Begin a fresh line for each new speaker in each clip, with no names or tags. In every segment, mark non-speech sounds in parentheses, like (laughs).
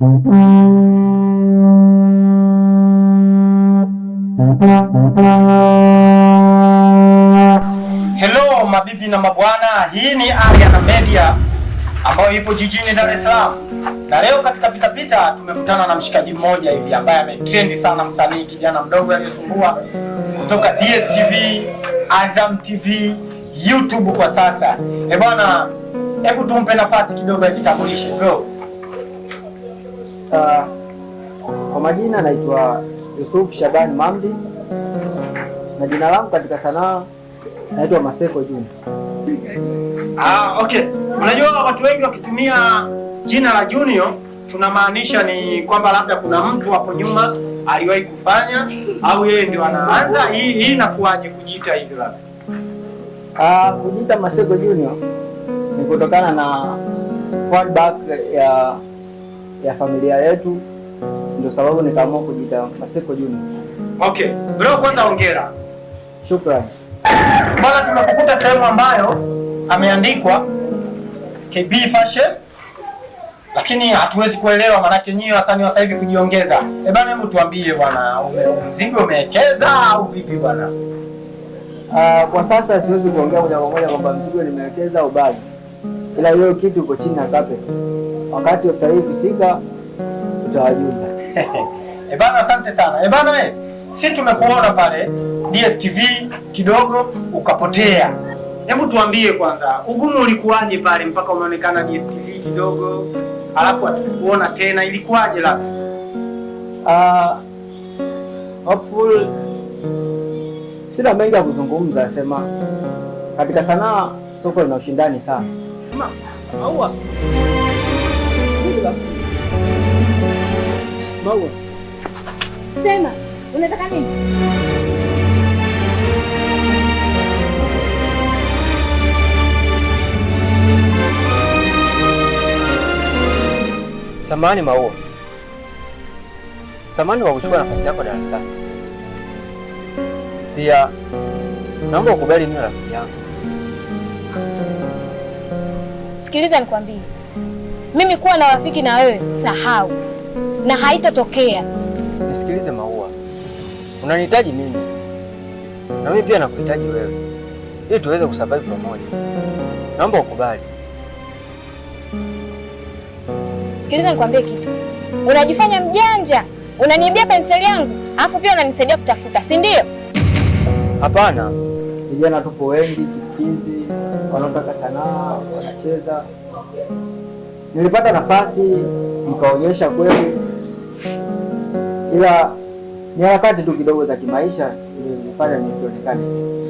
Hello mabibi na mabwana, hii ni na Media ambayo ipo jijini Dar es Salaam, na leo katika pitapita tumekutana na mshikaji mmoja hivi ambaye ametrendi sana, msanii kijana mdogo aliyesumbua kutoka DSTV, Azam TV, YouTube kwa sasa. Eh hebu tumpe nafasi kidogo ya bro.
Uh, kwa majina naitwa Yusuf Shaban Mamdi na jina langu katika sanaa naitwa Maseko Juma.
Ah, okay. Unajua watu wengi wakitumia jina la Junior tunamaanisha ni kwamba labda kuna mtu hapo nyuma aliwahi kufanya au yeye ndio anaanza hii hii inakuaje kujiita hivyo labda?
Ah, kujiita Maseko Junior ni kutokana na fallback ya uh, ya familia yetu, ndio sababu nikaamua kujiita Maseko Junior.
Okay, bro, kwanza hongera. Shukrani bwana. Tumekukuta sehemu ambayo ameandikwa KB Fashion, lakini hatuwezi kuelewa maanake nyinyi wasanii wa sasa hivi kujiongeza. Eh bana, hebu tuambie bwana, mzigo umewekeza au vipi bwana?
Uh, kwa sasa siwezi kuongea moja kwa moja kwamba mzigo nimewekeza au bado ila hiyo kitu iko chini ya kapeti. Wakati wa sahihi kifika, utawajuza. (laughs)
Eh bana, asante sana. Eh bana, we si tumekuona pale DSTV kidogo ukapotea. Hebu tuambie kwanza, ugumu ulikuwaje pale mpaka umeonekana DSTV kidogo, alafu atukuona tena, ilikuwaje? Labda
uh, hopeful sina mengi ya kuzungumza, asema katika sanaa soko lina ushindani sana
Maua. Maua.
Sema, unataka nini?
Samani Maua. Samani kwa kuchukua nafasi yako darasani. Pia naomba ukubali neno rafiki yangu.
Sikiliza nikwambie, mimi kuwa na rafiki na wewe sahau, na haitatokea.
Nisikilize Maua, unanihitaji mimi na mimi pia nakuhitaji wewe, ili tuweze kusurvive pamoja. Naomba ukubali.
Sikiliza nikwambie kitu, unajifanya mjanja, unaniibia penseli yangu, alafu pia unanisaidia kutafuta, si ndio?
Hapana vijana tupo wengi chipukizi, wanaotaka sanaa wanacheza. Nilipata nafasi nikaonyesha kweli, ila ni harakati tu kidogo za kimaisha nilifanya nisionekane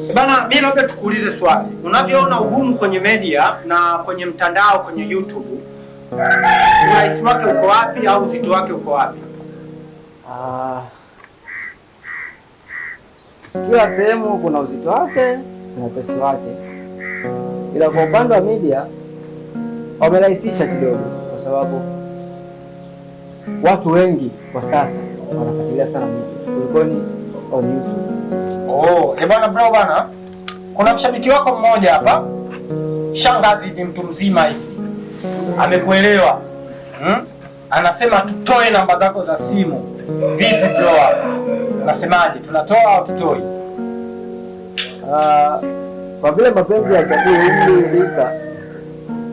eh, bana. Mi labda tukuulize swali, unavyoona ugumu kwenye media na kwenye mtandao, kwenye YouTube, urahisi wake uko wapi au uzito wake uko wapi?
ah. Kila sehemu kuna uzito wake na upesi wake, ila kwa upande wa media wamerahisisha kidogo, kwa sababu watu wengi kwa sasa wanafuatilia sana media kulikoni on YouTube.
Oh, eh bwana bro bwana, kuna mshabiki wako mmoja hapa, shangazi hivi, mtu mzima hivi, amekuelewa hmm? Anasema tutoe namba zako za simu. Vipi bro? Nasemaje, tunatoa au tutoi?
Ah, kwa vile mapenzi ya chakula ilika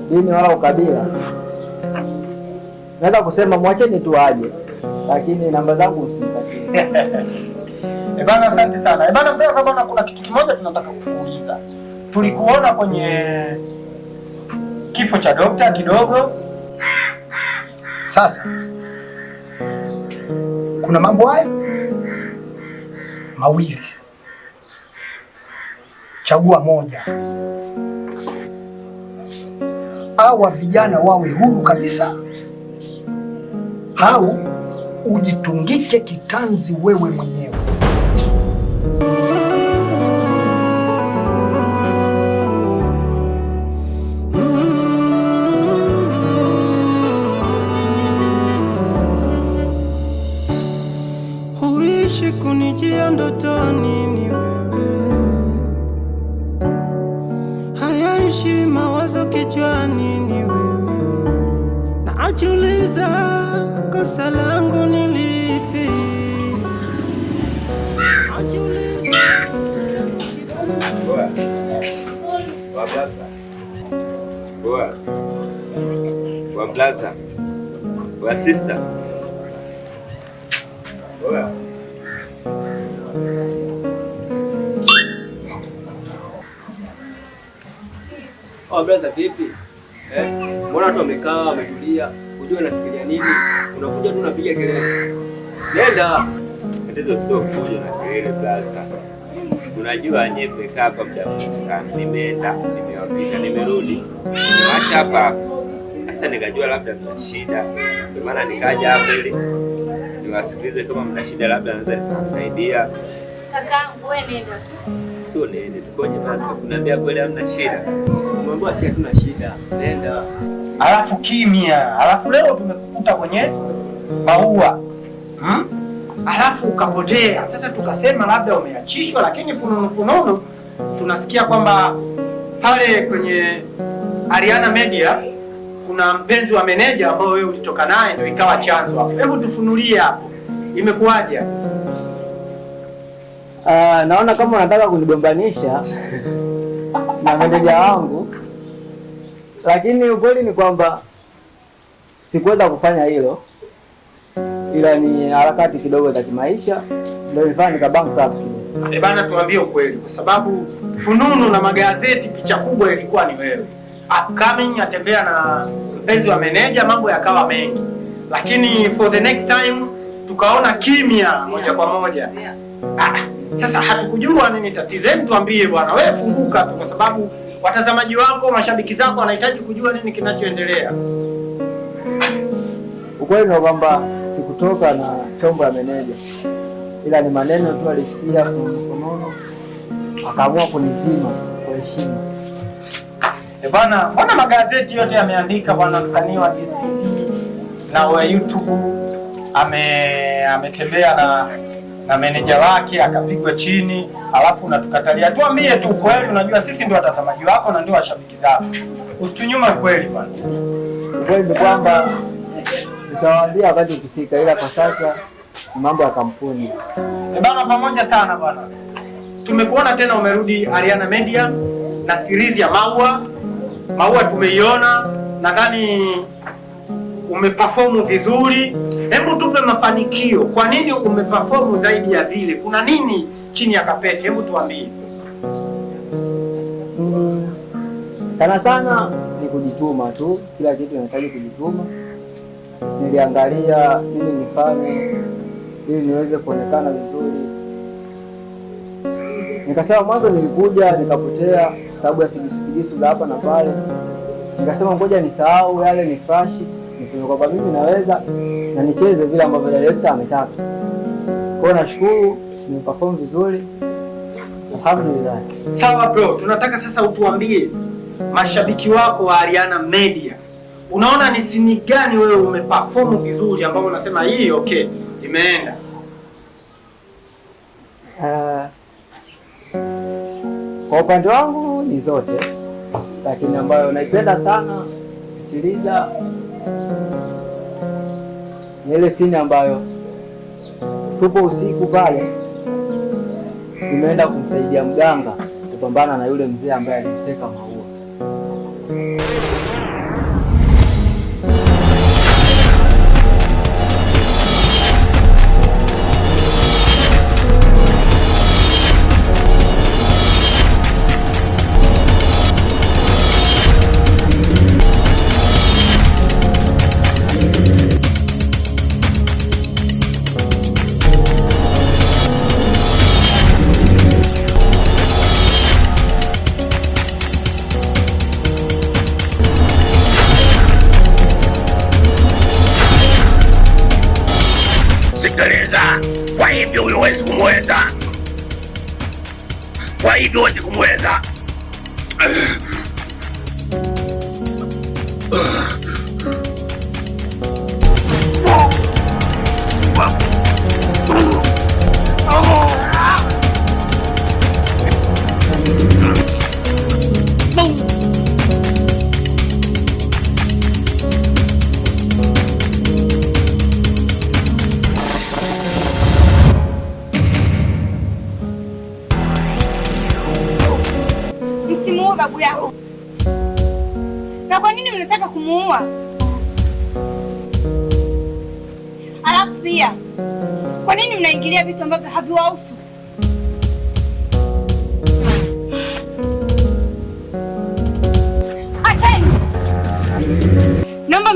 dini wala ukabila, naweza kusema mwacheni tu aje, lakini namba zangu msinitakie. (laughs)
Eh, bana, asante sana. Eh, bana brother, kuna kitu kimoja tunataka kukuuliza. Tulikuona kwenye kifo cha dokta kidogo. Sasa kuna mambo haya mawili, chagua moja. Awa vijana wawe huru kabisa, au ujitungike kitanzi wewe mwenyewe. Oh, brother vipi? Eh? Mbona watu wamekaa wametulia? Unajua nafikiria nini? Unakuja tu unapiga kelele. Nenda.
Ndio sio kuja na kelele brother. Unajua nyepekaa hapa muda mrefu sana. Nimeenda, nimewapita, nimerudi. Nimewacha hapa. Sasa nikajua labda mna shida. Ndio maana nikaja hapa ili niwasikilize kama mna shida labda naweza nikawasaidia.
Kaka, wewe nenda tu
tuoneni tukoje kweli hamna shida. Mwambie si hatuna shida. Nenda.
Alafu kimya. Alafu leo tumekukuta kwenye maua. Hmm? Alafu ukapotea. Sasa tukasema labda umeachishwa, lakini funono funono tunasikia kwamba pale kwenye Ariana Media kuna mpenzi wa meneja ambao wewe ulitoka naye ndio ikawa chanzo hapo. Hebu tufunulie hapo. Imekuwaje?
Uh, naona kama unataka kunigombanisha ah. na meneja wangu, lakini ukweli ni kwamba sikuweza kufanya hilo, ila ni harakati kidogo za kimaisha ndio nilifanya nika bankrupt.
Eh, bana, tuambie ukweli, kwa sababu fununu na magazeti picha kubwa ilikuwa ni wewe upcoming, atembea na mpenzi wa meneja, mambo yakawa mengi, lakini for the next time tukaona kimya moja kwa moja ah. Sasa hatukujua nini tatizo. Hebu tuambie bwana, wewe funguka tu, kwa sababu watazamaji wako, mashabiki zako wanahitaji kujua nini kinachoendelea.
Ukweli ni kwamba sikutoka na chombo ya meneja, ila ni maneno tu alisikia kunono, akaamua kunizima kwa heshima.
E bwana, mbona magazeti yote yameandika bwana, msanii wa DStv na wa YouTube ametembea na na meneja wake akapigwa chini, alafu unatukatalia. Tuambie tu kweli, unajua sisi ndio watazamaji wako na ndio washabiki zako, usitunyuma kweli bwana.
Kweli kwamba nitawaambia wakati ukifika, ila kwa sasa mambo ya kampuni
e bana. Pamoja sana bwana, tumekuona tena umerudi Ariana Media na series ya Maua. Maua tumeiona, nadhani umeperform vizuri Hebu tupe mafanikio. Kwa nini umeperform zaidi ya vile? Kuna nini chini ya kapeti? Hebu tuambie.
Sana sana ni kujituma tu, kila kitu inahitaji kujituma. Niliangalia nini nifanye ili niweze kuonekana vizuri. Nikasema mwanzo nilikuja nikapotea sababu ya figisu figisu za hapa na pale, nikasema ngoja nisahau yale, ni flash niseme kwamba mimi naweza na nicheze vile ambavyo director ametaka. Kwa nashukuru nimeperform vizuri. Alhamdulillah.
Sawa bro, tunataka sasa utuambie mashabiki wako wa Ariana Media. Unaona ni sini gani wewe umeperform vizuri ambapo unasema hii okay imeenda?
Uh, kwa upande wangu ni zote, lakini ambayo naipenda sana kutiliza ni ile sini ambayo tupo usiku pale, nimeenda kumsaidia mganga kupambana na yule mzee ambaye alimteka maua.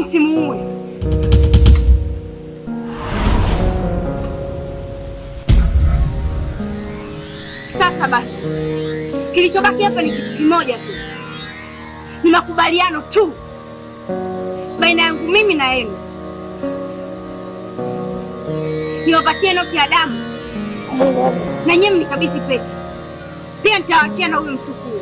msimuue. Sasa basi, kilichobaki hapa ni kitu kimoja tu, ni makubaliano tu baina yangu mimi na yenu, niwapatie noti ya damu na nyinyi mnikabidhi pete, pia nitawaachia na huyu msukuu.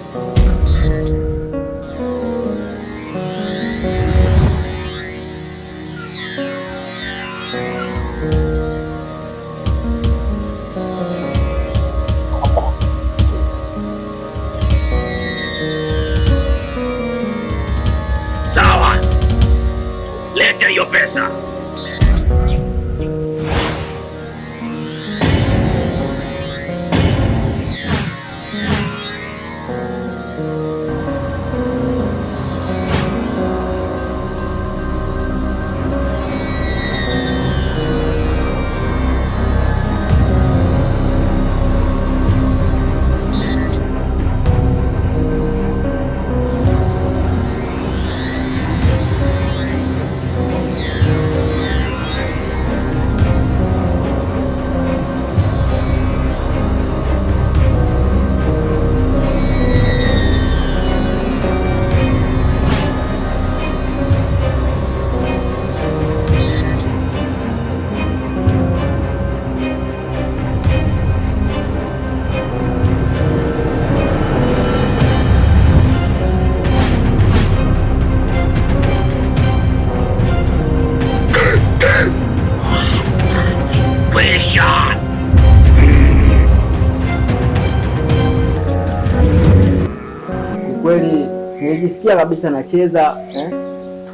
najisikia kabisa nacheza eh,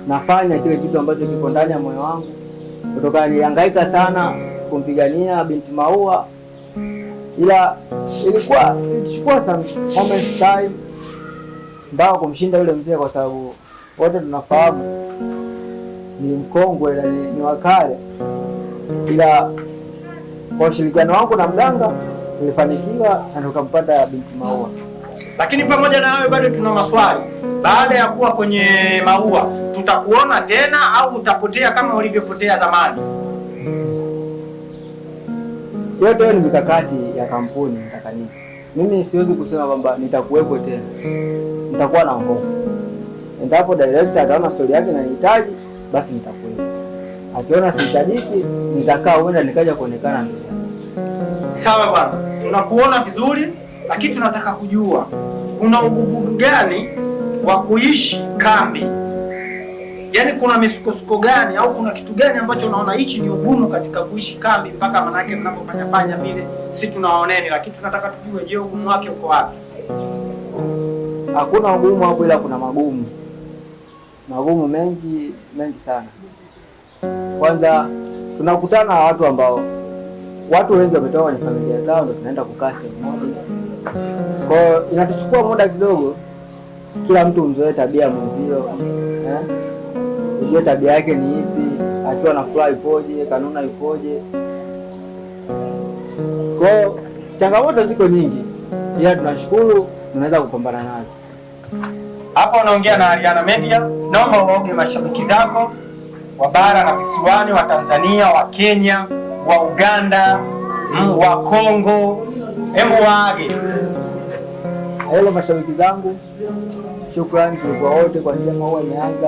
nafanya kile kitu ambacho kiko ndani ya moyo wangu, kutokana nilihangaika sana kumpigania binti Maua, ila ilikuwa ilichukua some moments time mpaka kumshinda yule mzee, kwa sababu wote tunafahamu ni mkongwe na ni, ni wakale, ila kwa ushirikiano wangu na mganga nilifanikiwa na nikampata binti Maua.
Lakini pamoja na hayo bado tuna maswali. Baada ya kuwa kwenye maua, tutakuona tena au utapotea kama ulivyopotea zamani?
Yote ni mikakati ya kampuni mtakatifu. Mimi siwezi kusema kwamba nitakuwepo tena, nitakuwa na ngoma. Endapo director ataona stori yake inanihitaji, basi nitakuwepo. Akiona sihitajiki, nitakaa, huenda nikaja kuonekana.
Sawa bwana, tunakuona vizuri, lakini tunataka kujua kuna ugumu gani wa kuishi kambi? Yaani kuna misukosuko gani au kuna kitu gani ambacho unaona hichi ni ugumu katika kuishi kambi, mpaka manake mnapofanya fanya vile si tunawaoneni, lakini tunataka tujue, je, ugumu wake uko wapi?
Hakuna ugumu hapo, ila kuna magumu, magumu mengi mengi sana. Kwanza tunakutana na watu ambao watu wengi wametoka kwenye familia zao, ndio tunaenda kukaa sehemu moja kwa hiyo inatuchukua muda kidogo, kila mtu mzoe tabia mwenzio, eh? ujue tabia yake ni ipi, akiwa na furaha ipoje, kanuna ipoje. Kwa hiyo changamoto ziko nyingi, ila tunashukuru tunaweza kupambana nazo.
Hapo unaongea na Ariana Media. Naomba waoge mashabiki zako wa bara na visiwani, wa Tanzania, wa Kenya, wa Uganda, wa Kongo, hebu waage.
Hello mashabiki zangu, shukrani kulikuwa wote kuanzia maua imeanza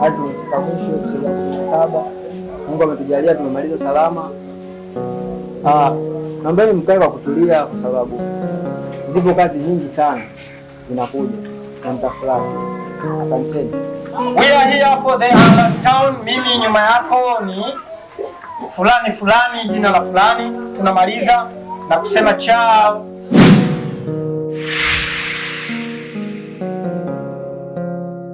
hadi tumefika mwisho ya kumi na saba. Mungu ametujalia tumemaliza salama. Ah, naombeni mkae kwa kutulia, kwa sababu zipo kazi nyingi sana zinakuja na mtafurahi. Asanteni.
We are here for the Town. Mimi nyuma yako ni fulani fulani, jina la fulani. Tunamaliza na kusema chao.